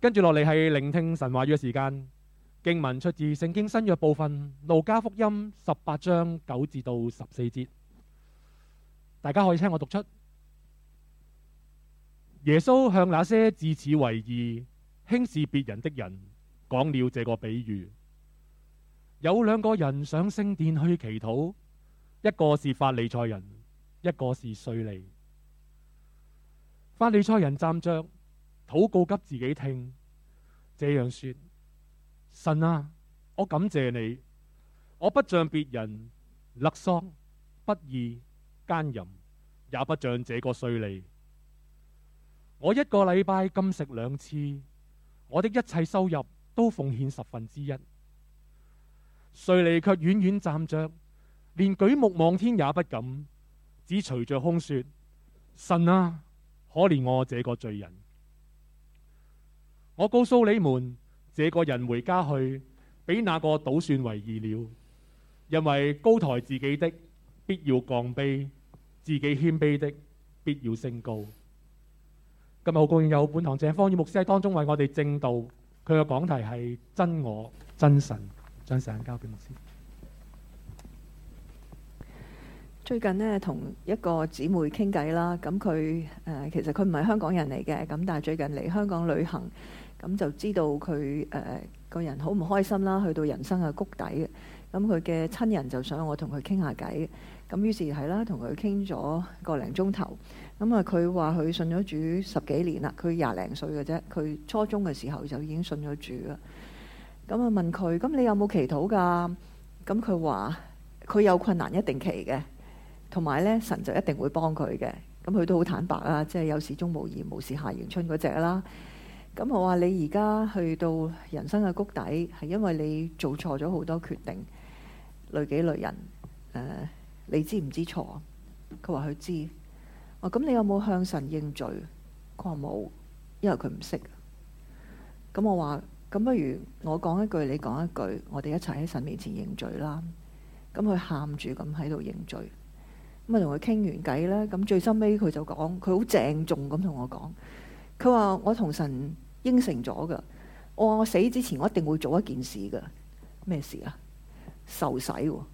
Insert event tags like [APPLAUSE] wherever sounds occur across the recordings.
跟住落嚟係聆聽神話語嘅時間，經文出自聖經新約部分路加福音十八章九至到十四節，大家可以聽我讀出。耶穌向那些自恃為義、輕視別人的人講了這個比喻。有兩個人上聖殿去祈禱，一個是法利賽人，一個是稅吏。法利賽人站着。禱告給自己聽，這樣說：神啊，我感謝你，我不像別人勒索、不義奸淫，也不像這個稅吏。我一個禮拜禁食兩次，我的一切收入都奉獻十分之一。稅吏卻遠遠站着，連舉目望天也不敢，只隨着空說：神啊，可憐我這個罪人。.我告訴你們，這個人回家去，比那個倒算為義了。因為高抬自己的，必要降卑；自己謙卑的，必要升高。今日好高興有本堂謝方宇牧師喺當中為我哋證道。佢嘅講題係真我真神。將時間交俾牧師。最近呢，同一個姊妹傾偈啦，咁佢誒，其實佢唔係香港人嚟嘅，咁但係最近嚟香港旅行。咁就知道佢誒個人好唔開心啦，去到人生嘅谷底。咁佢嘅親人就想我同佢傾下偈。咁於是係啦，同佢傾咗個零鐘頭。咁啊，佢話佢信咗主十幾年啦，佢廿零歲嘅啫。佢初中嘅時候就已經信咗主啦。咁啊，問佢：「咁你有冇祈禱㗎？咁佢話：佢有困難一定祈嘅，同埋呢，神就一定會幫佢嘅。咁佢都好坦白啦，即係有事鍾無艷，無事夏迎春嗰隻啦。咁我話你而家去到人生嘅谷底，係因為你做錯咗好多決定，累己累人。誒、呃，你知唔知錯？佢話佢知。哦，咁你有冇向神認罪？佢話冇，因為佢唔識。咁我話，咁不如我講一句，你講一句，我哋一齊喺神面前認罪啦。咁佢喊住咁喺度認罪。咁啊，同佢傾完偈咧，咁最深尾佢就講，佢好鄭重咁同我講，佢話我同神。應承咗噶，我、哦、話我死之前我一定會做一件事噶。咩事啊？受洗喎，啊、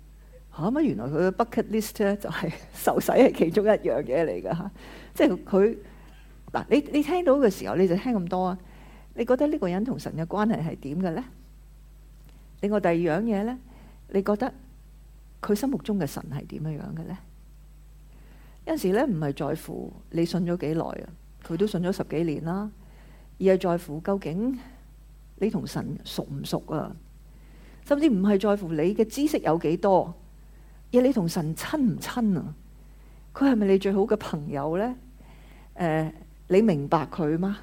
吓、啊、乜？原來佢嘅 bucket list 咧就係受 [LAUGHS] 洗係其中一樣嘢嚟噶吓，即係佢嗱，你你聽到嘅時候，你就聽咁多啊？你覺得呢個人同神嘅關係係點嘅咧？另外第二樣嘢咧，你覺得佢心目中嘅神係點樣嘅咧？有陣時咧唔係在乎你信咗幾耐啊，佢都信咗十幾年啦。而係在乎究竟你同神熟唔熟啊？甚至唔係在乎你嘅知識有幾多，而你同神親唔親啊？佢係咪你最好嘅朋友呢？誒、呃，你明白佢嗎？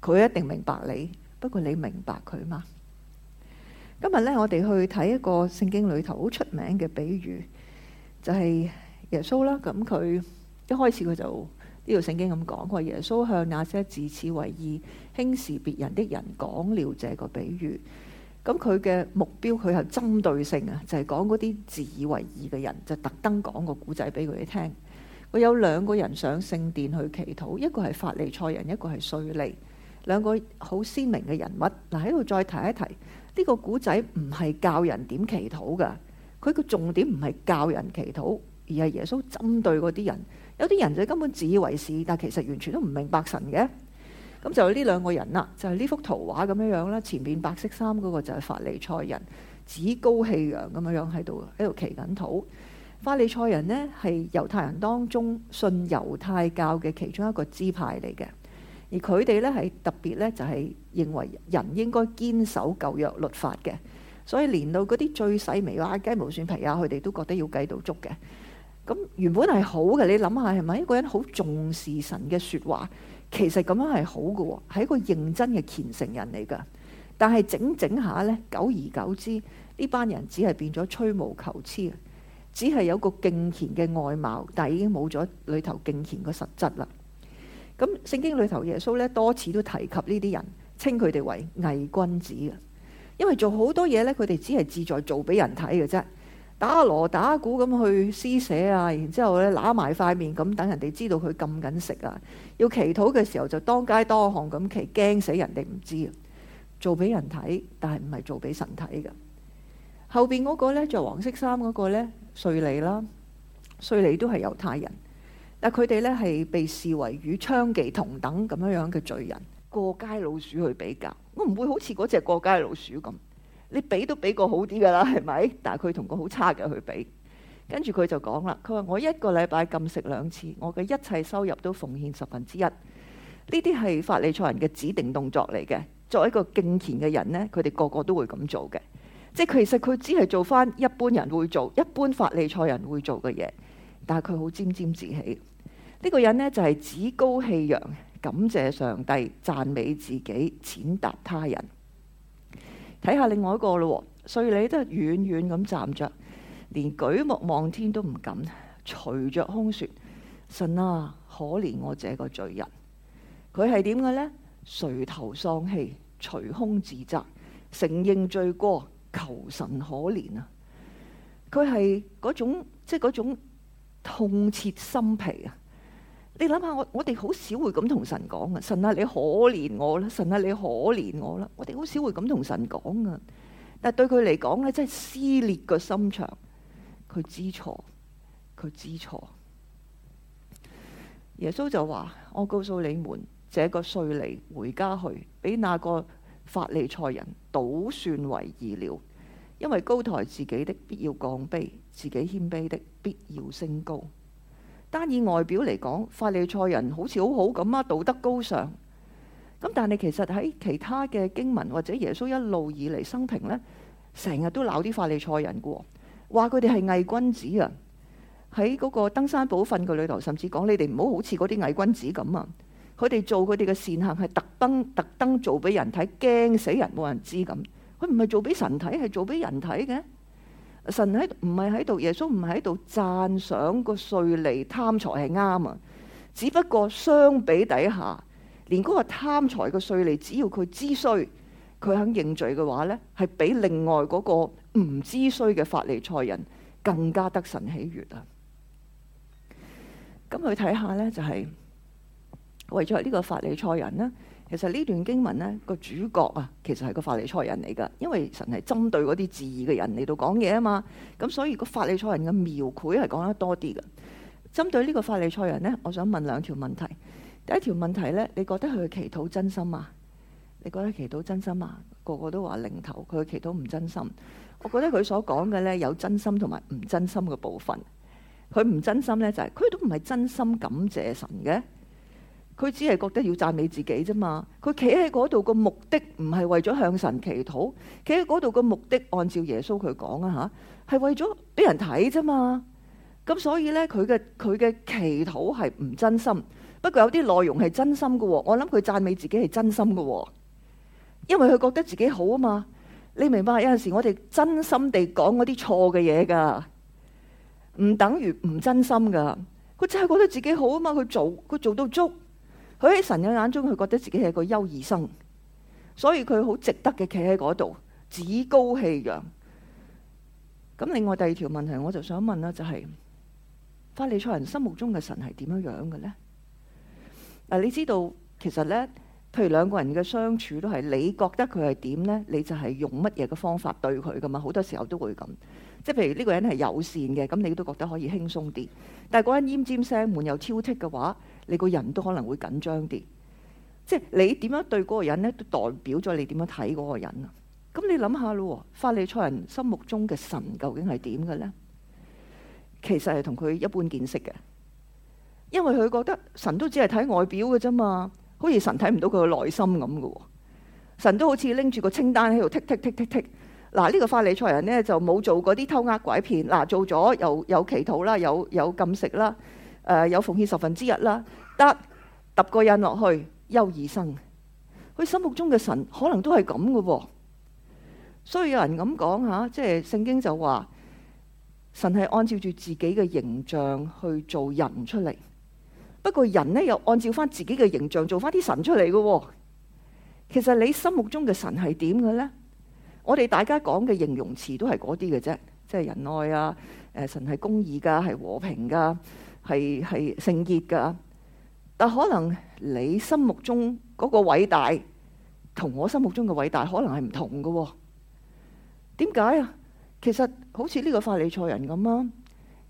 佢一定明白你，不過你明白佢嗎？今日咧，我哋去睇一個聖經裏頭好出名嘅比喻，就係、是、耶穌啦。咁佢一開始佢就。呢條聖經咁講過，耶穌向那些自以為義輕視別人的人講了這個比喻。咁佢嘅目標，佢係針對性啊，就係、是、講嗰啲自以為義嘅人，就特登講個古仔俾佢哋聽。佢有兩個人上聖殿去祈禱，一個係法利賽人，一個係稅吏。兩個好鮮明嘅人物。嗱，喺度再提一提，呢、這個古仔唔係教人點祈禱嘅，佢個重點唔係教人祈禱，而係耶穌針對嗰啲人。有啲人就根本自以為是，但其實完全都唔明白神嘅。咁就有呢兩個人啦，就係、是、呢幅圖畫咁樣樣啦。前面白色衫嗰個就係法利賽人，趾高氣揚咁樣樣喺度喺度祈緊禱。法利賽人呢，係猶太人當中信猶太教嘅其中一個支派嚟嘅，而佢哋呢係特別呢就係、是、認為人應該堅守舊約律法嘅，所以連到嗰啲最細微啊、雞毛蒜皮啊，佢哋都覺得要計到足嘅。咁原本係好嘅。你諗下係咪一個人好重視神嘅說話？其實咁樣係好嘅，係一個認真嘅虔誠人嚟噶。但係整整下呢，久而久之，呢班人只係變咗吹毛求疵，只係有個敬虔嘅外貌，但係已經冇咗裏頭敬虔嘅實質啦。咁聖經裏頭耶穌呢，多次都提及呢啲人，稱佢哋為偽君子嘅，因為做好多嘢呢，佢哋只係志在做俾人睇嘅啫。打鑼打鼓咁去施捨啊，然之後咧揦埋塊面咁等人哋知道佢咁緊食啊。要祈禱嘅時候就當街當巷咁祈，驚死人哋唔知啊。做俾人睇，但係唔係做俾神睇嘅。後邊嗰個咧着黃色衫嗰個咧，瑞尼啦，瑞尼都係猶太人，但佢哋呢係被視為與娼妓同等咁樣樣嘅罪人，過街老鼠去比較，我唔會好似嗰隻過街老鼠咁。你俾都俾個好啲噶啦，係咪？但係佢同個好差嘅去比，跟住佢就講啦。佢話：我一個禮拜禁食兩次，我嘅一切收入都奉獻十分之一。呢啲係法利賽人嘅指定動作嚟嘅。作為一個敬虔嘅人呢，佢哋個個都會咁做嘅。即係其實佢只係做翻一般人會做、一般法利賽人會做嘅嘢，但係佢好沾沾自喜。呢、這個人呢，就係、是、趾高氣揚，感謝上帝，讚美自己，踐踏他人。睇下另外一個咯，稅吏都係遠遠咁站着，連舉目望天都唔敢，捶着胸説：神啊，可憐我這個罪人！佢係點嘅呢？垂頭喪氣，捶胸自責，承認罪過，求神可憐啊！佢係嗰種，即係嗰種痛徹心脾啊！你諗下，我我哋好少會咁同神講嘅。神啊，你可憐我啦！神啊，你可憐我啦！我哋好少會咁同神講噶。但係對佢嚟講咧，真係撕裂個心腸。佢知錯，佢知錯。耶穌就話：我告訴你們，這個稅吏回家去，比那個法利賽人倒算為義了，因為高抬自己的必要降卑，自己謙卑的必要升高。單以外表嚟講，法利賽人好似好好咁啊，道德高尚。咁但係其實喺其他嘅經文或者耶穌一路以嚟生平呢，成日都鬧啲法利賽人嘅喎，話佢哋係偽君子啊。喺嗰個登山寶訓嘅裏頭，甚至講你哋唔好好似嗰啲偽君子咁啊。佢哋做佢哋嘅善行係特登特登做俾人睇，驚死人冇人知咁。佢唔係做俾神睇，係做俾人睇嘅。神喺唔係喺度，耶穌唔係喺度讚賞個稅吏貪財係啱啊！只不過相比底下，連嗰個貪財嘅稅吏，只要佢知衰，佢肯認罪嘅話呢，係比另外嗰個唔知衰嘅法利賽人更加得神喜悅啊！咁佢睇下呢，就係、是、為咗呢個法利賽人呢。其實呢段經文呢個主角啊，其實係個法利賽人嚟噶，因為神係針對嗰啲自義嘅人嚟到講嘢啊嘛，咁所以個法利賽人嘅描繪係講得多啲噶。針對呢個法利賽人呢，我想問兩條問題。第一條問題呢，你覺得佢嘅祈禱真心嘛？你覺得祈禱真心嘛？個個都話零頭，佢嘅祈禱唔真心。我覺得佢所講嘅呢，有真心同埋唔真心嘅部分。佢唔真心呢，就係佢都唔係真心感謝神嘅。佢只係覺得要讚美自己啫嘛。佢企喺嗰度個目的唔係為咗向神祈禱，企喺嗰度個目的，按照耶穌佢講啊嚇，係為咗俾人睇啫嘛。咁所以呢，佢嘅佢嘅祈禱係唔真心。不過有啲內容係真心噶喎。我諗佢讚美自己係真心噶喎，因為佢覺得自己好啊嘛。你明白，有陣時我哋真心地講嗰啲錯嘅嘢噶，唔等於唔真心噶。佢真係覺得自己好啊嘛。佢做佢做到足。佢喺神嘅眼中，佢覺得自己係個優異生，所以佢好值得嘅，企喺嗰度趾高氣揚。咁另外第二條問題，我就想問啦，就係、是、法利賽人心目中嘅神係點樣樣嘅咧？嗱，你知道其實咧，譬如兩個人嘅相處都係你覺得佢係點咧，你就係用乜嘢嘅方法對佢噶嘛？好多時候都會咁，即係譬如呢個人係友善嘅，咁你都覺得可以輕鬆啲；但係嗰人奄尖聲、悶又挑剔嘅話，你個人都可能會緊張啲，即係你點樣對嗰個人咧，都代表咗你點樣睇嗰個人啊！咁你諗下咯，法利賽人心目中嘅神究竟係點嘅咧？其實係同佢一般見識嘅，因為佢覺得神都只係睇外表嘅啫嘛，好似神睇唔到佢嘅內心咁嘅喎。神都好似拎住個清單喺度剔剔剔剔剔。嗱，呢個法利賽人咧就冇做嗰啲偷呃拐騙，嗱，做咗有有祈禱啦，有有禁食啦。誒、呃、有奉獻十分之一啦，得，揼個印落去，優異生。佢心目中嘅神可能都係咁嘅喎，所以有人咁講吓，即係聖經就話神係按照住自己嘅形象去做人出嚟。不過人呢，又按照翻自己嘅形象做翻啲神出嚟嘅喎。其實你心目中嘅神係點嘅呢？我哋大家講嘅形容詞都係嗰啲嘅啫，即係仁愛啊，誒、呃、神係公義噶，係和平噶。係係聖潔噶，但可能你心目中嗰個偉大，同我心目中嘅偉大可能係唔同噶。點解啊？其實好似呢個法利賽人咁啊，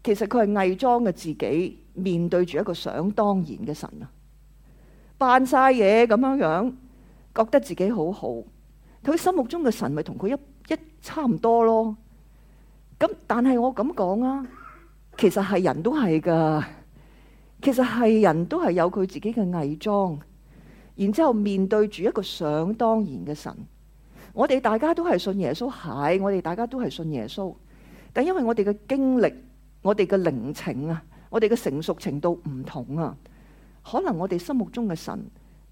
其實佢係偽裝嘅自己，面對住一個想當然嘅神啊，扮晒嘢咁樣樣，覺得自己好好。佢心目中嘅神咪同佢一一差唔多咯。咁但係我咁講啊。其實係人都係噶，其實係人都係有佢自己嘅偽裝，然之後面對住一個想當然嘅神，我哋大家都係信耶穌，係我哋大家都係信耶穌，但因為我哋嘅經歷、我哋嘅靈情啊、我哋嘅成熟程度唔同啊，可能我哋心目中嘅神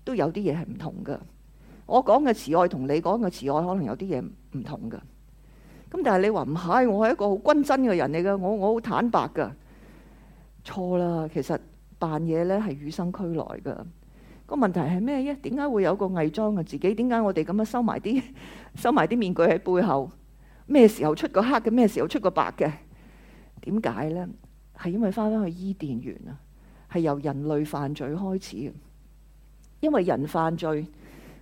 都有啲嘢係唔同噶，我講嘅慈愛同你講嘅慈愛可能有啲嘢唔同噶。咁但係你話唔係，我係一個好均真嘅人嚟㗎，我我好坦白㗎。錯啦，其實扮嘢呢係與生俱來㗎。個問題係咩嘢？點解會有個偽裝嘅自己？點解我哋咁樣收埋啲收埋啲面具喺背後？咩時候出個黑嘅？咩時候出個白嘅？點解呢？係因為返返去伊甸園啊，係由人類犯罪開始。因為人犯罪，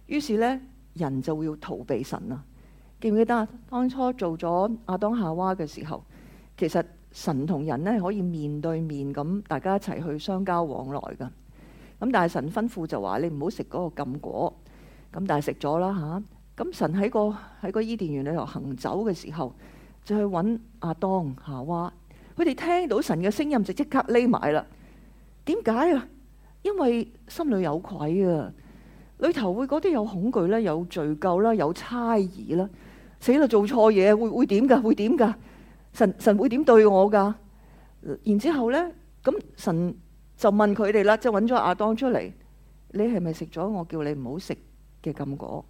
於是呢，人就會要逃避神啊。記唔記得啊？當初做咗亞當夏娃嘅時候，其實神同人咧可以面對面咁，大家一齊去相交往來噶。咁但係神吩咐就話：你唔好食嗰個禁果。咁但係食咗啦嚇。咁、啊、神喺個喺個伊甸園裏頭行走嘅時候，就去揾亞當夏娃。佢哋聽到神嘅聲音就即刻匿埋啦。點解啊？因為心裏有愧啊，裏頭會嗰啲有恐懼啦，有罪疚啦，有猜疑啦。死啦！做錯嘢會會點噶？會點噶？神神會點對我噶？然之後呢，咁神就問佢哋啦，即係揾咗阿當出嚟，你係咪食咗我叫你唔好食嘅禁果？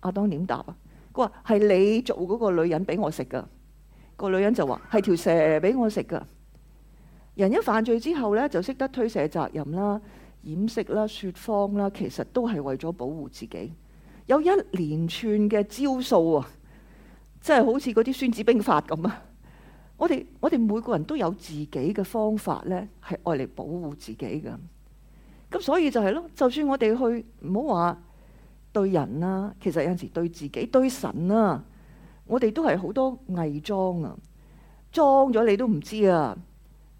阿當點答啊？佢話係你做嗰個女人俾我食噶。個女人就話係條蛇俾我食噶。人一犯罪之後呢，就識得推卸責任啦、掩飾啦、説謊啦，其實都係為咗保護自己，有一連串嘅招數啊！即係好似嗰啲《孫子兵法》咁啊！我哋我哋每個人都有自己嘅方法呢，係愛嚟保護自己嘅。咁所以就係咯，就算我哋去唔好話對人啊，其實有陣時對自己、對神啊，我哋都係好多偽裝啊，裝咗你都唔知啊。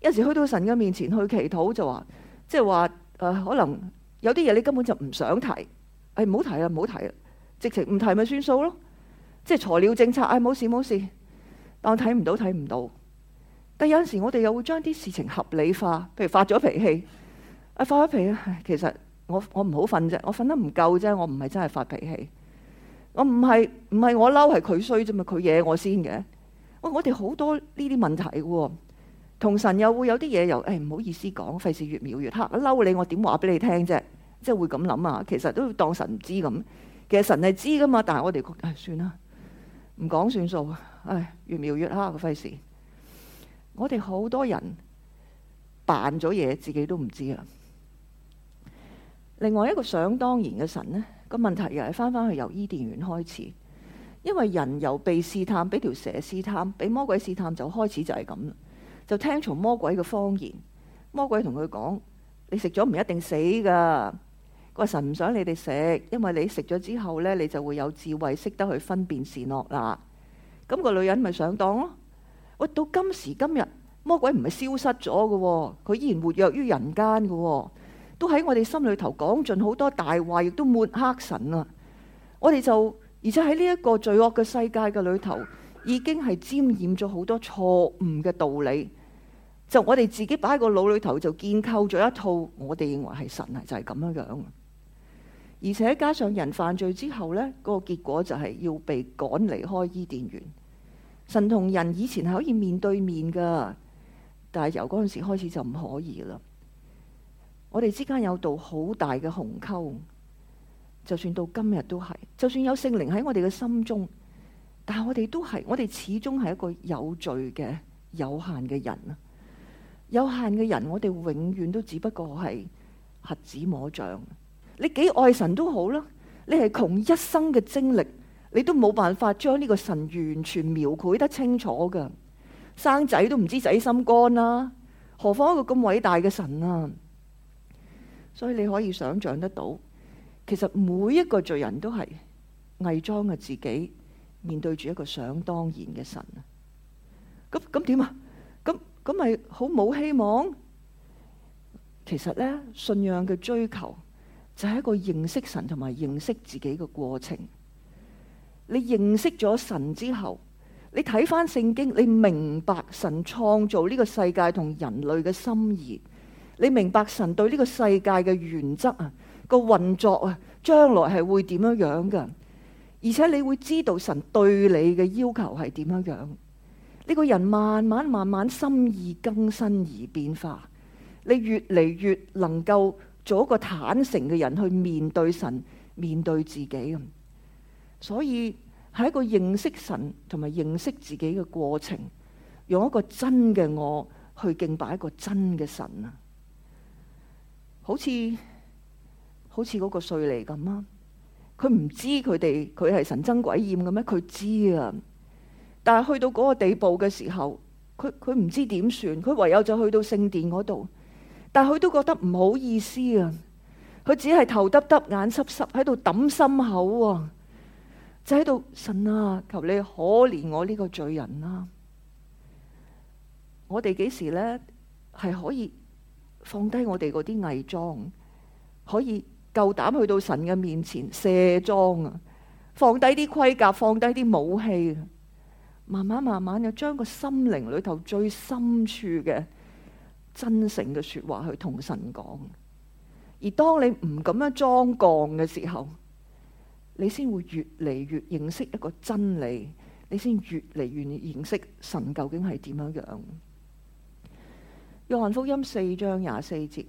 有時去到神嘅面前去祈禱，就話即係話誒，可能有啲嘢你根本就唔想提，誒唔好提啦，唔好提啦，直情唔提咪算數咯。即係材料政策，哎冇事冇事，但睇唔到睇唔到。但有陣時，我哋又會將啲事情合理化，譬如發咗脾氣，哎發咗脾氣，其實我我唔好瞓啫，我瞓得唔夠啫，我唔係真係發脾氣。我唔係唔係我嬲，係佢衰啫嘛，佢惹我先嘅。我我哋好多呢啲問題喎，同神又會有啲嘢又，哎唔好意思講，費事越描越黑。嬲你，我點話俾你聽啫？即係會咁諗啊，其實都當神唔知咁。其實神係知㗎嘛，但係我哋覺得、哎、算啦。唔講算數，唉，越描越黑嘅費事。我哋好多人扮咗嘢，自己都唔知喇。另外一個想當然嘅神呢，個問題又係翻返去由伊甸園開始，因為人由被試探，俾條蛇試探，俾魔鬼試探，就開始就係咁，就聽從魔鬼嘅謊言。魔鬼同佢講：你食咗唔一定死㗎。個神唔想你哋食，因為你食咗之後呢，你就會有智慧，識得去分辨善惡啦。咁、嗯，那個女人咪上當咯。喂，到今時今日，魔鬼唔係消失咗嘅，佢依然活躍於人間嘅，都喺我哋心裏頭講盡好多大話，亦都抹黑神啊。我哋就而且喺呢一個罪惡嘅世界嘅裏頭，已經係沾染咗好多錯誤嘅道理，就我哋自己擺喺個腦裏頭就建構咗一套我哋認為係神係就係咁樣樣。而且加上人犯罪之後呢，個結果就係要被趕離開伊甸園。神同人以前係可以面對面嘅，但係由嗰陣時開始就唔可以啦。我哋之間有道好大嘅鴻溝，就算到今日都係，就算有聖靈喺我哋嘅心中，但係我哋都係，我哋始終係一個有罪嘅有限嘅人啊！有限嘅人，人，我哋永遠都只不過係核子摸象。你幾愛神都好啦，你係窮一生嘅精力，你都冇辦法將呢個神完全描繪得清楚㗎。生仔都唔知仔心肝啦，何況一個咁偉大嘅神啊！所以你可以想象得到，其實每一個罪人都係偽裝嘅自己，面對住一個想當然嘅神啊。咁咁點啊？咁咁咪好冇希望？其實呢，信仰嘅追求。就係一個認識神同埋認識自己嘅過程。你認識咗神之後，你睇返聖經，你明白神創造呢個世界同人類嘅心意，你明白神對呢個世界嘅原則啊，個運作啊，將來係會點樣樣噶。而且你會知道神對你嘅要求係點樣樣。呢個人慢慢慢慢心意更新而變化，你越嚟越能夠。做一個坦誠嘅人去面對神、面對自己咁，所以係一個認識神同埋認識自己嘅過程，用一個真嘅我去敬拜一個真嘅神啊！好似好似嗰個稅吏咁啊，佢唔知佢哋佢係神憎鬼厭咁咩？佢知啊，但係去到嗰個地步嘅時候，佢佢唔知點算，佢唯有就去到聖殿嗰度。但佢都覺得唔好意思啊！佢只係頭耷耷、眼濕濕，喺度揼心口啊，就喺度「神啊，求你可憐我呢個罪人啊。」我哋幾時呢？係可以放低我哋嗰啲偽裝，可以夠膽去到神嘅面前卸裝啊，放低啲盔甲，放低啲武器，慢慢慢慢又將個心靈裏頭最深處嘅。真誠嘅說話去同神講，而當你唔咁樣裝槓嘅時候，你先會越嚟越認識一個真理，你先越嚟越認識神究竟係點樣樣。約翰福音四章廿四節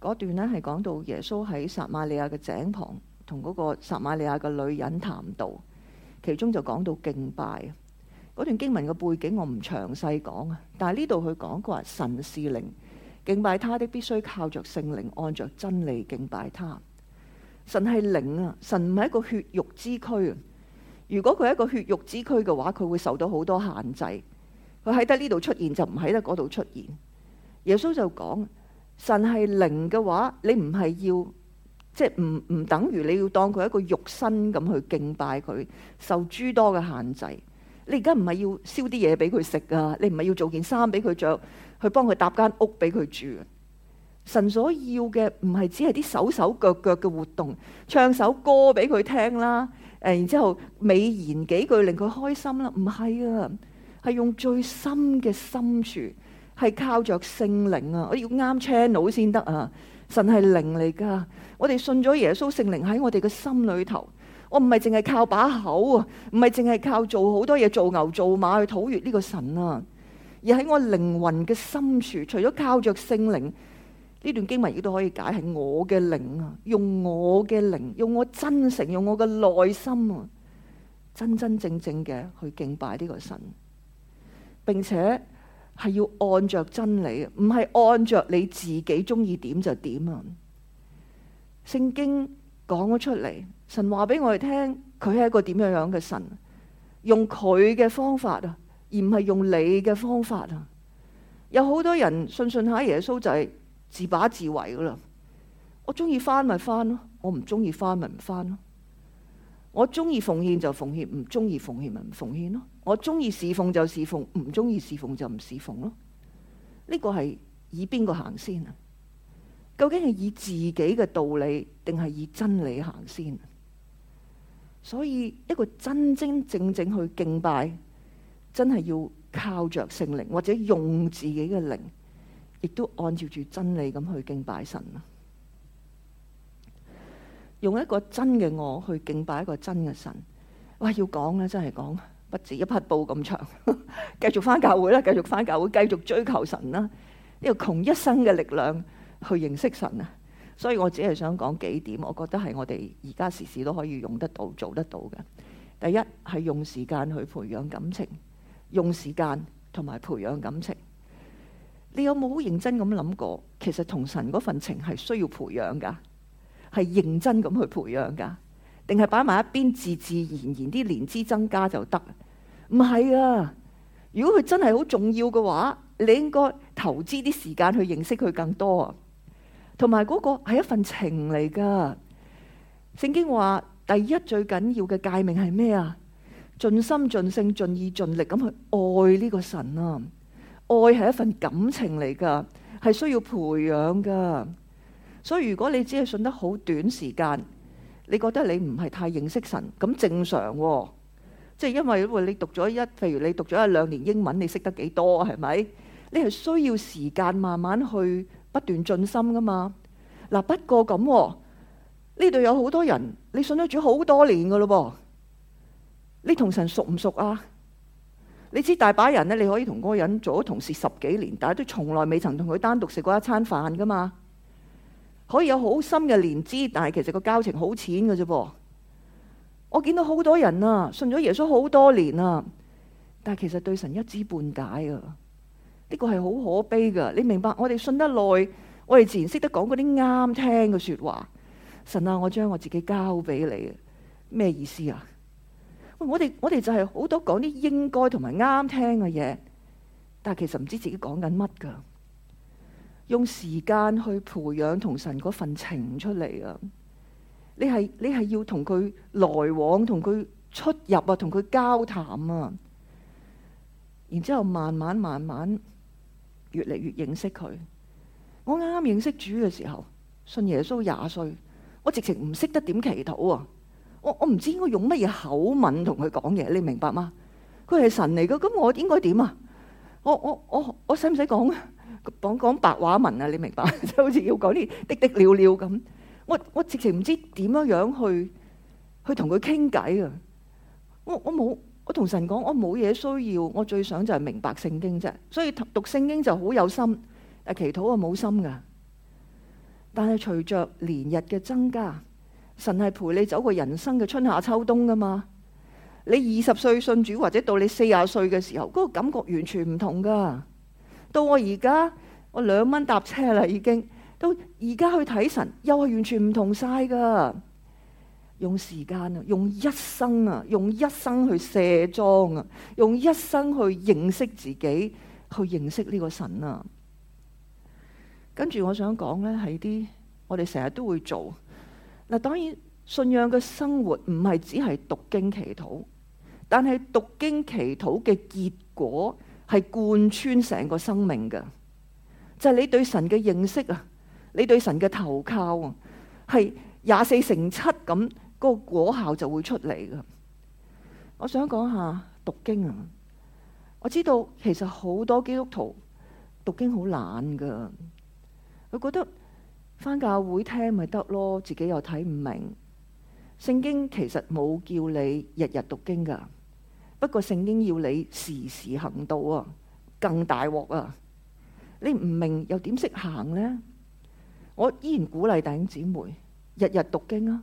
嗰段呢係講到耶穌喺撒瑪利亞嘅井旁同嗰個撒瑪利亞嘅女人談道，其中就講到敬拜。嗰段經文嘅背景我唔詳細講啊，但係呢度佢講過話神是靈，敬拜他的必須靠着聖靈，按着真理敬拜他。神係靈啊，神唔係一個血肉之軀啊。如果佢係一個血肉之軀嘅話，佢會受到好多限制。佢喺得呢度出現就唔喺得嗰度出現。耶穌就講神係靈嘅話，你唔係要即係唔唔等於你要當佢一個肉身咁去敬拜佢，受諸多嘅限制。你而家唔係要燒啲嘢俾佢食啊！你唔係要做件衫俾佢着，去幫佢搭間屋俾佢住。神所要嘅唔係只係啲手手腳腳嘅活動，唱首歌俾佢聽啦，誒，然之後美言幾句令佢開心啦。唔係啊，係用最深嘅心處，係靠着聖靈啊，我要啱 channel 先得啊。神係靈嚟㗎，我哋信咗耶穌，聖靈喺我哋嘅心裏頭。我唔係淨係靠把口啊，唔係淨係靠做好多嘢，做牛做馬去討悦呢個神啊，而喺我靈魂嘅深處，除咗靠着聖靈，呢段經文亦都可以解係我嘅靈啊，用我嘅靈，用我真誠，用我嘅內心啊，真真正正嘅去敬拜呢個神，並且係要按着真理，唔係按着你自己鍾意點就點啊，聖經。講咗出嚟，神話俾我哋聽，佢係一個點樣樣嘅神，用佢嘅方法啊，而唔係用你嘅方法啊。有好多人信信下耶穌就係自把自為噶啦。我中意翻咪翻咯，我唔中意翻咪唔翻咯。我中意奉獻就奉獻，唔中意奉獻咪唔奉獻咯。我中意侍奉就侍奉，唔中意侍奉就唔侍奉咯。呢個係以邊個行先啊？究竟係以自己嘅道理定係以真理行先？所以一個真真正正去敬拜，真係要靠着聖靈，或者用自己嘅靈，亦都按照住真理咁去敬拜神啊。用一個真嘅我去敬拜一個真嘅神。哇！要講咧，真係講不止一匹布咁長，繼續返教會啦，繼續返教會，繼續追求神啦。呢個窮一生嘅力量。去認識神啊！所以我只係想講幾點，我覺得係我哋而家時時都可以用得到、做得到嘅。第一係用時間去培養感情，用時間同埋培養感情。你有冇好認真咁諗過？其實同神嗰份情係需要培養噶，係認真咁去培養噶，定係擺埋一邊，自自然然啲年資增加就得？唔係啊！如果佢真係好重要嘅話，你應該投資啲時間去認識佢更多啊！同埋嗰個係一份情嚟㗎。聖經話第一最緊要嘅誡命係咩啊？盡心盡性盡意盡力咁去愛呢個神啊！愛係一份感情嚟㗎，係需要培養㗎。所以如果你只係信得好短時間，你覺得你唔係太認識神，咁正常喎、啊。即係因為你讀咗一，譬如你讀咗一兩年英文，你識得幾多？係咪？你係需要時間慢慢去。不斷進心噶嘛？嗱、啊，不過咁呢度有好多人，你信咗主好多年噶咯噃，你同神熟唔熟啊？你知大把人咧，你可以同嗰個人做咗同事十幾年，但係都從來未曾同佢單獨食過一餐飯噶嘛？可以有好深嘅連枝，但係其實個交情好淺嘅啫噃。我見到好多人啊，信咗耶穌好多年啊，但係其實對神一知半解啊。呢個係好可悲噶你明白？我哋信得耐，我哋自然識得講嗰啲啱聽嘅說話。神啊，我將我自己交俾你，咩意思啊？我哋我哋就係好多講啲應該同埋啱聽嘅嘢，但係其實唔知自己講緊乜噶。用時間去培養同神嗰份情出嚟啊！你係你係要同佢來往，同佢出入啊，同佢交談啊，然之後慢慢慢慢。越嚟越認識佢。我啱啱認識主嘅時候，信耶穌廿歲，我直情唔識得點祈禱啊！我我唔知應該用乜嘢口吻同佢講嘢，你明白嗎？佢係神嚟嘅，咁我應該點啊？我我我我使唔使講啊？講講白話文啊？你明白？ [LAUGHS] 就好似要講啲滴滴了了咁。我我直情唔知點樣樣去去同佢傾偈啊！我我冇。我同神講，我冇嘢需要，我最想就係明白聖經啫。所以讀聖經就好有心，誒，祈禱啊冇心噶。但係隨着年日嘅增加，神係陪你走過人生嘅春夏秋冬噶嘛。你二十歲信主或者到你四十歲嘅時候，嗰個感覺完全唔同噶。到我而家，我兩蚊搭車啦已經。到而家去睇神，又係完全唔同晒噶。用時間啊，用一生啊，用一生去卸妝啊，用一生去認識自己，去認識呢個神啊。跟住我想講咧，係啲我哋成日都會做嗱。當然，信仰嘅生活唔係只係讀經祈禱，但係讀經祈禱嘅結果係貫穿成個生命嘅，就係、是、你對神嘅認識啊，你對神嘅投靠啊，係廿四乘七咁。個果效就會出嚟噶。我想講下讀經啊。我知道其實好多基督徒讀經好懶噶，佢覺得返教會聽咪得咯，自己又睇唔明。聖經其實冇叫你日日讀經噶，不過聖經要你時時行道啊，更大鑊啊！你唔明又點識行呢？我依然鼓勵弟兄姊妹日日讀經啊。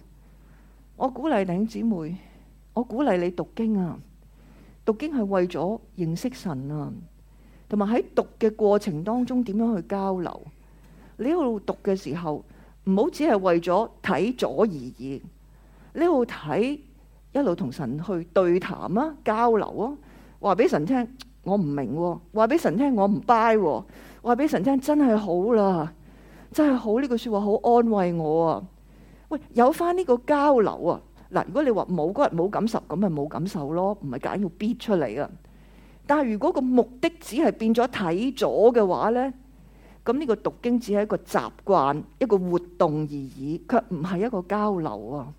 我鼓勵你姊妹，我鼓勵你讀經啊！讀經係為咗認識神啊，同埋喺讀嘅過程當中點樣去交流？你喺度讀嘅時候唔好只係為咗睇咗而已。你喺度睇一路同神去對談啊，交流啊，話俾神聽我唔明喎，話俾神聽我唔 by，話俾神聽真係好啦，真係好，呢句說話好安慰我啊！喂，有翻呢個交流啊！嗱，如果你話冇嗰日冇感受，咁咪冇感受咯，唔係揀要逼出嚟啊！但係如果個目的只係變咗睇咗嘅話呢，咁呢個讀經只係一個習慣、一個活動而已，卻唔係一個交流啊！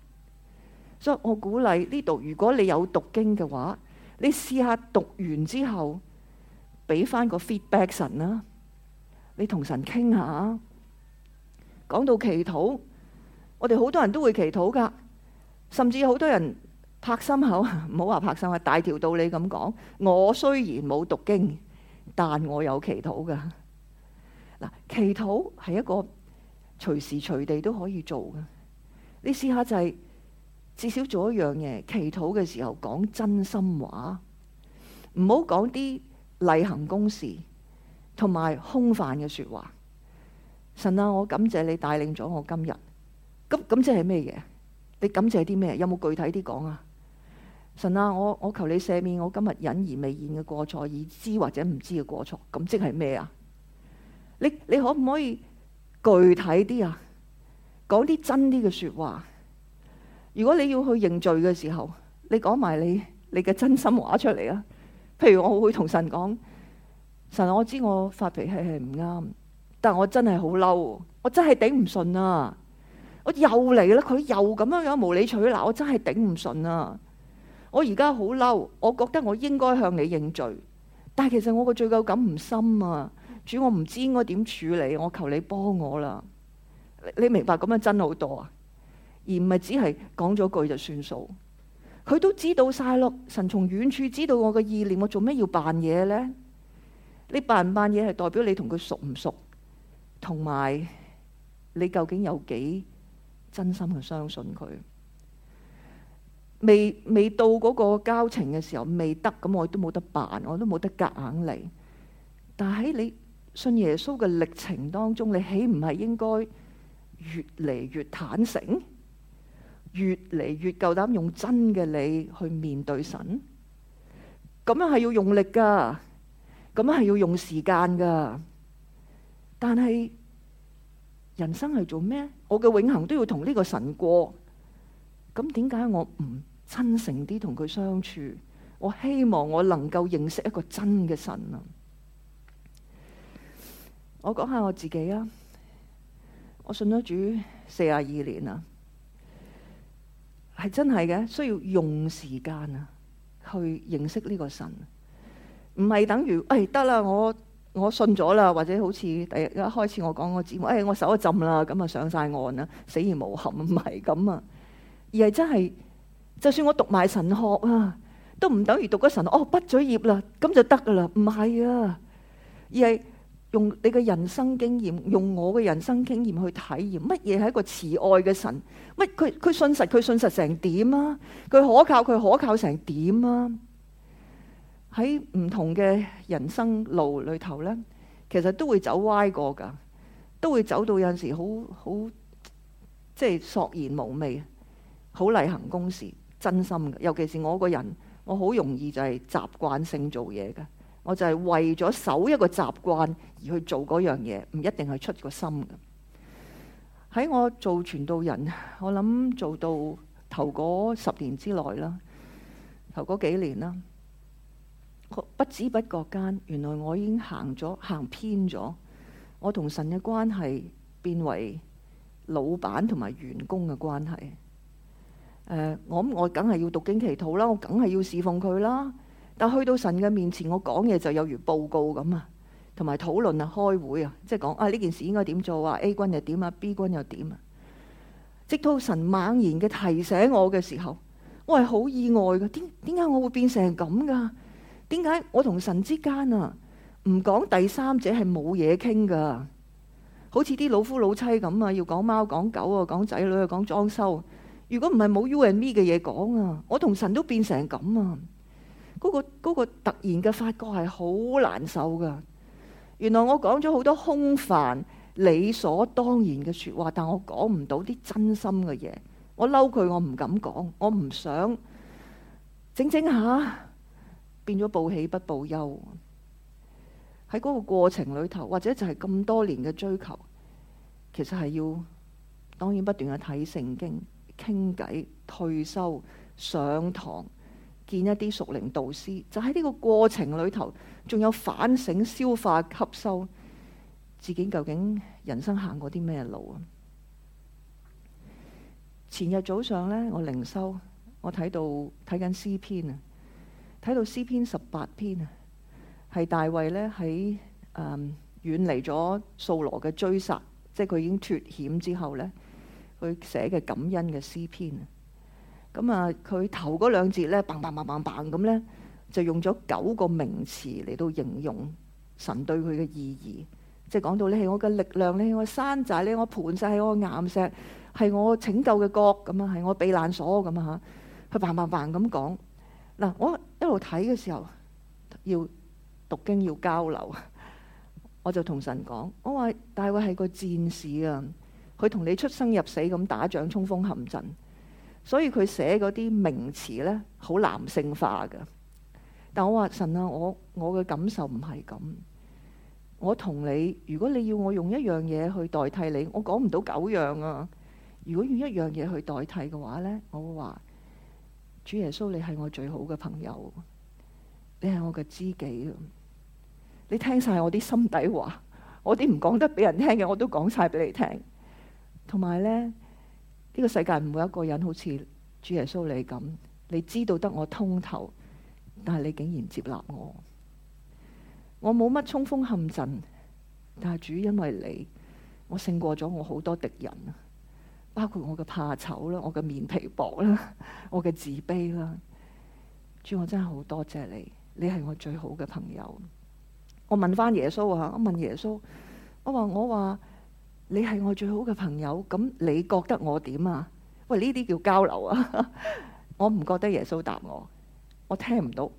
所以我鼓勵呢度，如果你有讀經嘅話，你試下讀完之後俾翻個 feedback 神啦、啊，你同神傾下、啊，講到祈禱。我哋好多人都會祈禱噶，甚至好多人拍心口，唔好話拍心啊，大條道理咁講。我雖然冇讀經，但我有祈禱噶。祈禱係一個隨時隨地都可以做噶。你試下就係至少做一樣嘢，祈禱嘅時候講真心話，唔好講啲例行公事同埋空泛嘅說話。神啊，我感謝你帶領咗我今日。咁咁，即係咩嘢？你感謝啲咩？有冇具體啲講啊？神啊，我我求你赦免我今日隱而未現嘅過錯，已知或者唔知嘅過錯，咁即係咩啊？你你可唔可以具體啲啊？講啲真啲嘅說話。如果你要去認罪嘅時候，你講埋你你嘅真心話出嚟啊。譬如我會同神講，神啊，我知我發脾氣係唔啱，但我真係好嬲，我真係頂唔順啊。我又嚟啦！佢又咁樣樣無理取鬧，我真係頂唔順啊！我而家好嬲，我覺得我應該向你認罪，但係其實我個罪疚感唔深啊。主，我唔知應該點處理，我求你幫我啦。你明白咁樣真好多啊，而唔係只係講咗句就算數。佢都知道晒咯，神從遠處知道我嘅意念，我做咩要扮嘢呢？你扮唔扮嘢係代表你同佢熟唔熟，同埋你究竟有幾？真心去相信佢，未、未到嗰個交情嘅時候，未得咁，我都冇得辦，我都冇得夾硬嚟。但喺你信耶穌嘅歷程當中，你豈唔係應該越嚟越坦誠，越嚟越夠膽用真嘅你去面對神？咁樣係要用力㗎，咁樣係要用時間㗎。但係人生係做咩？我嘅永恒都要同呢個神過，咁點解我唔真誠啲同佢相處？我希望我能夠認識一個真嘅神啊！我講下我自己啊，我信咗主四十二年啦，係真係嘅，需要用時間啊去認識呢個神，唔係等於誒，得啦我。我信咗啦，或者好似第一一開始我講個節目，誒、哎、我手一浸啦，咁啊上晒岸啦，死而無憾。唔係咁啊，而係真係，就算我讀埋神學啊，都唔等於讀咗神學，哦畢咗業啦，咁就得噶啦，唔係啊，而係用你嘅人生經驗，用我嘅人生經驗去體驗乜嘢係一個慈愛嘅神，乜佢，佢信實，佢信實成點啊，佢可靠，佢可靠成點啊？喺唔同嘅人生路裏頭呢，其實都會走歪過㗎，都會走到有陣時好好即係索然無味，好例行公事，真心嘅。尤其是我個人，我好容易就係習慣性做嘢㗎，我就係為咗守一個習慣而去做嗰樣嘢，唔一定係出個心嘅。喺我做傳道人，我諗做到頭嗰十年之內啦，頭嗰幾年啦。不知不覺間，原來我已經行咗行偏咗。我同神嘅關係變為老闆同埋員工嘅關係。誒、呃，我我梗係要讀經祈禱啦，我梗係要侍奉佢啦。但去到神嘅面前，我講嘢就有如報告咁啊，同埋討論啊，開會啊，即係講啊呢件事應該點做啊？A 君又點啊？B 君又點啊？直到神猛然嘅提醒我嘅時候，我係好意外噶，點點解我會變成咁噶？點解我同神之間啊，唔講第三者係冇嘢傾噶，好似啲老夫老妻咁啊，要講貓講狗啊，講仔女啊，講裝修。如果唔係冇 You and me 嘅嘢講啊，我同神都變成咁啊，嗰個嗰個突然嘅發覺係好難受噶。原來我講咗好多空泛、理所當然嘅說話，但我講唔到啲真心嘅嘢。我嬲佢，我唔敢講，我唔想整整下。變咗報喜不報憂，喺嗰個過程裏頭，或者就係咁多年嘅追求，其實係要，當然不斷嘅睇聖經、傾偈、退修、上堂、見一啲熟齡導師，就喺呢個過程裏頭，仲有反省、消化、吸收自己究竟人生行過啲咩路啊？前日早上呢，我靈修，我睇到睇緊詩篇啊。睇到詩篇十八篇啊，係大衛咧，喺誒，遠離咗掃羅嘅追殺，即係佢已經脱險之後咧，佢寫嘅感恩嘅詩篇，嗯、啊。咁啊，佢頭嗰兩節咧棒棒 n g b 咁咧，就用咗九個名詞嚟到形容神對佢嘅意義，即係講到咧係我嘅力量咧，我山寨、咧，我盤曬喺我岩石，係我拯救嘅角咁啊，係我避難所咁啊佢 b a n 咁講。嗱，我一路睇嘅時候要讀經要交流， [LAUGHS] 我就同神講：我話大衛係個戰士啊，佢同你出生入死咁打仗，衝鋒陷陣，所以佢寫嗰啲名詞呢，好男性化㗎。但我話神啊，我我嘅感受唔係咁。我同你，如果你要我用一樣嘢去代替你，我講唔到九樣啊。如果用一樣嘢去代替嘅話呢，我會話。主耶穌，你係我最好嘅朋友，你係我嘅知己。你聽晒我啲心底話，我啲唔講得俾人聽嘅，我都講晒俾你聽。同埋呢，呢個世界唔會一個人好似主耶穌你咁，你知道得我通透，但係你竟然接納我。我冇乜衝鋒陷陣，但係主因為你，我勝過咗我好多敵人。包括我嘅怕醜啦，我嘅面皮薄啦，我嘅自卑啦。主，我真係好多謝你，你係我最好嘅朋友。我問翻耶穌啊，我問耶穌，我話我話你係我最好嘅朋友，咁你覺得我點啊？喂，呢啲叫交流啊。 [LAUGHS] 我唔覺得耶穌答我，我聽唔到，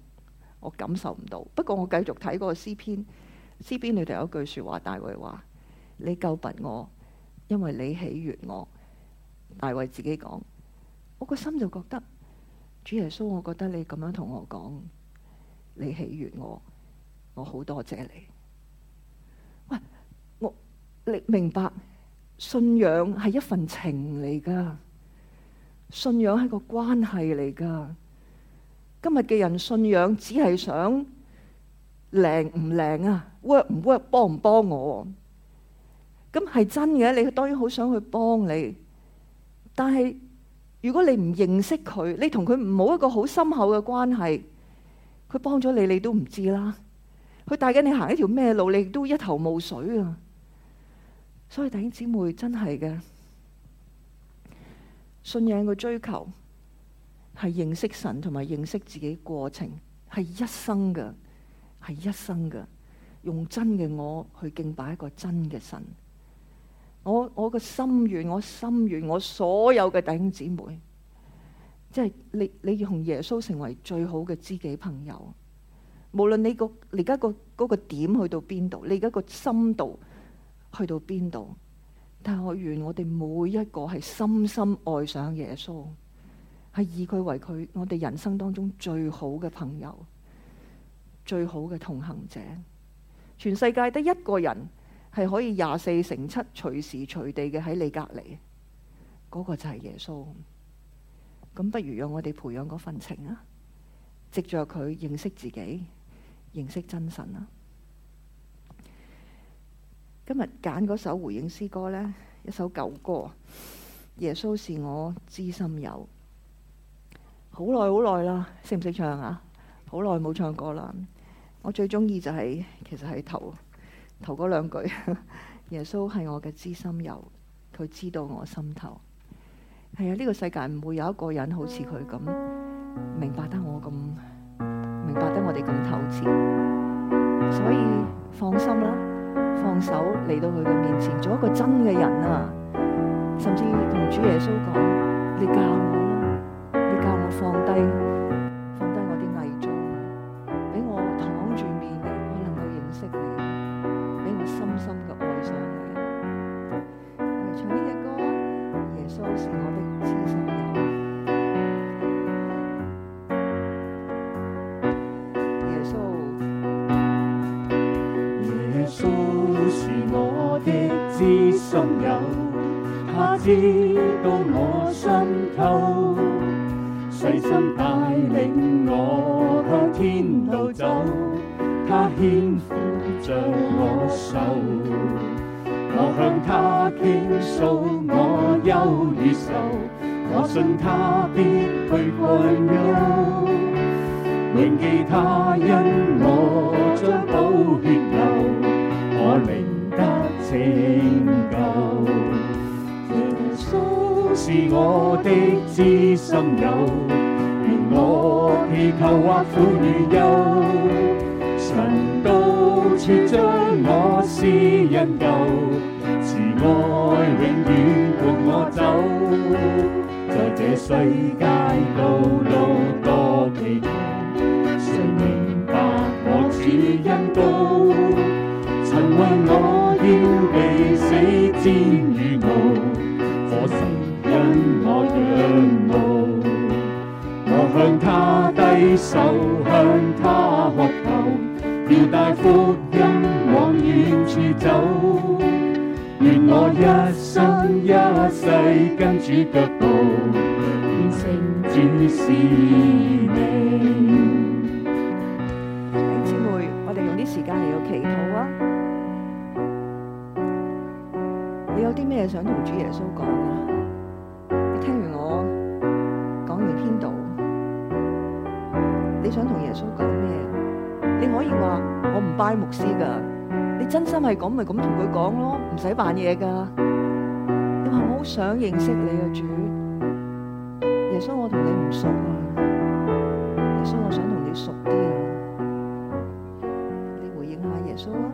我感受唔到。不過我繼續睇嗰個詩篇，詩篇裏頭有一句說話，大衛話：你救拔我，因為你喜悦我。大衛自己講，我個心就覺得主耶穌，我覺得你咁樣同我講，你喜悦我，我好多謝你。喂，我你明白信仰係一份情嚟噶，信仰係個關係嚟噶。今日嘅人信仰只係想靈唔靈啊？work 唔 work 幫唔幫我？咁係真嘅，你當然好想去幫你。但係，如果你唔認識佢，你同佢冇一個好深厚嘅關係，佢幫咗你，你都唔知啦。佢帶緊你行一條咩路，你都一頭霧水啊！所以弟兄姊妹真係嘅，信仰嘅追求係認識神同埋認識自己過程，係一生嘅，係一生嘅，用真嘅我去敬拜一個真嘅神。我我個心願，我心願，我所有嘅弟兄姊妹，即係你你要同耶穌成為最好嘅知己朋友。無論你個而家個、嗰個點去到邊度，你而家個深度去到邊度，但係我願我哋每一個係深深愛上耶穌，係以佢為佢我哋人生當中最好嘅朋友，最好嘅同行者。全世界得一個人。係可以廿四乘七隨時隨地嘅喺你隔籬，嗰、嗰個就係耶穌。咁不如讓我哋培養嗰份情啊，藉着佢認識自己，認識真神啦。今日揀嗰首回應詩歌呢，一首舊歌，《耶穌是我知心友》。好耐好耐啦，識唔識唱啊？好耐冇唱歌啦。我最中意就係、是、其實喺頭。頭嗰兩句，耶穌係我嘅知心友，佢知道我心頭。係啊，呢個世界唔會有一個人好似佢咁明白得我咁，明白得我哋咁透徹。所以放心啦，放手嚟到佢嘅面前，做一個真嘅人啊！甚至同主耶穌講：你教我啦，你教我放低。在這世界老老，道路多歧途，誰明白我只因妒？曾為我要避死戰與傲，可神因我仰慕，我向他低首，向他哭頭，要大福音往遠處走。願我一生一世跟住腳步，完成主使命。姐妹，我哋用啲時間嚟到祈禱啊！你有啲咩想同主耶穌講啊？你聽完我講完篇道，你想同耶穌講咩？你可以話我唔拜牧師噶。你真心係咁，咪咁同佢講咯，唔使扮嘢噶。你話我好想認識你啊，主耶穌，我同你唔熟啊，耶穌，我想同你熟啲啊，你回應下耶穌啊。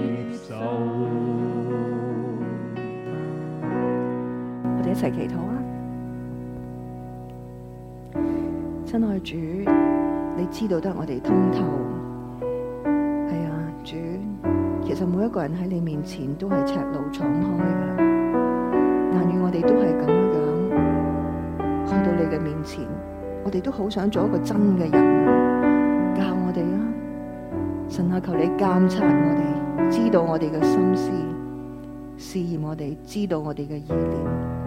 一齊祈禱啦，親愛主，你知道得我哋通透係啊、哎。主，其實每一個人喺你面前都係赤露敞開噶啦。但願我哋都係咁樣去到你嘅面前，我哋都好想做一個真嘅人。教我哋啊，神啊，求你鑒察我哋，知道我哋嘅心思，試驗我哋，知道我哋嘅意念。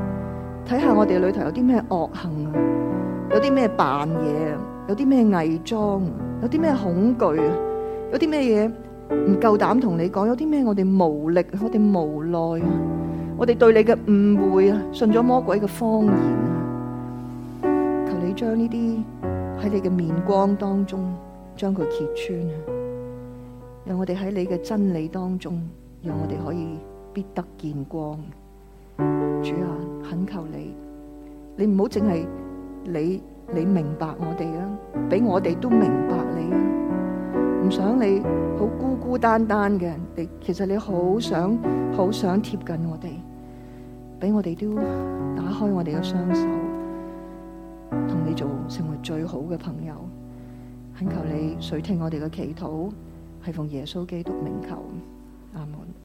睇下我哋裏頭有啲咩惡行啊，有啲咩扮嘢啊，有啲咩偽裝啊，有啲咩恐懼啊，有啲咩嘢唔夠膽同你講，有啲咩我哋無力，我哋無奈啊，我哋對你嘅誤會啊，信咗魔鬼嘅謊言啊，求你將呢啲喺你嘅面光當中將佢揭穿啊，讓我哋喺你嘅真理當中，讓我哋可以必得見光。主啊，懇求你，你唔好淨係你，你明白我哋啊，俾我哋都明白你啊，唔想你好孤孤單單嘅，你其實你好想好想貼近我哋，俾我哋都打開我哋嘅雙手，同你做成為最好嘅朋友，懇求你垂聽我哋嘅祈禱，係奉耶穌基督名求，阿門。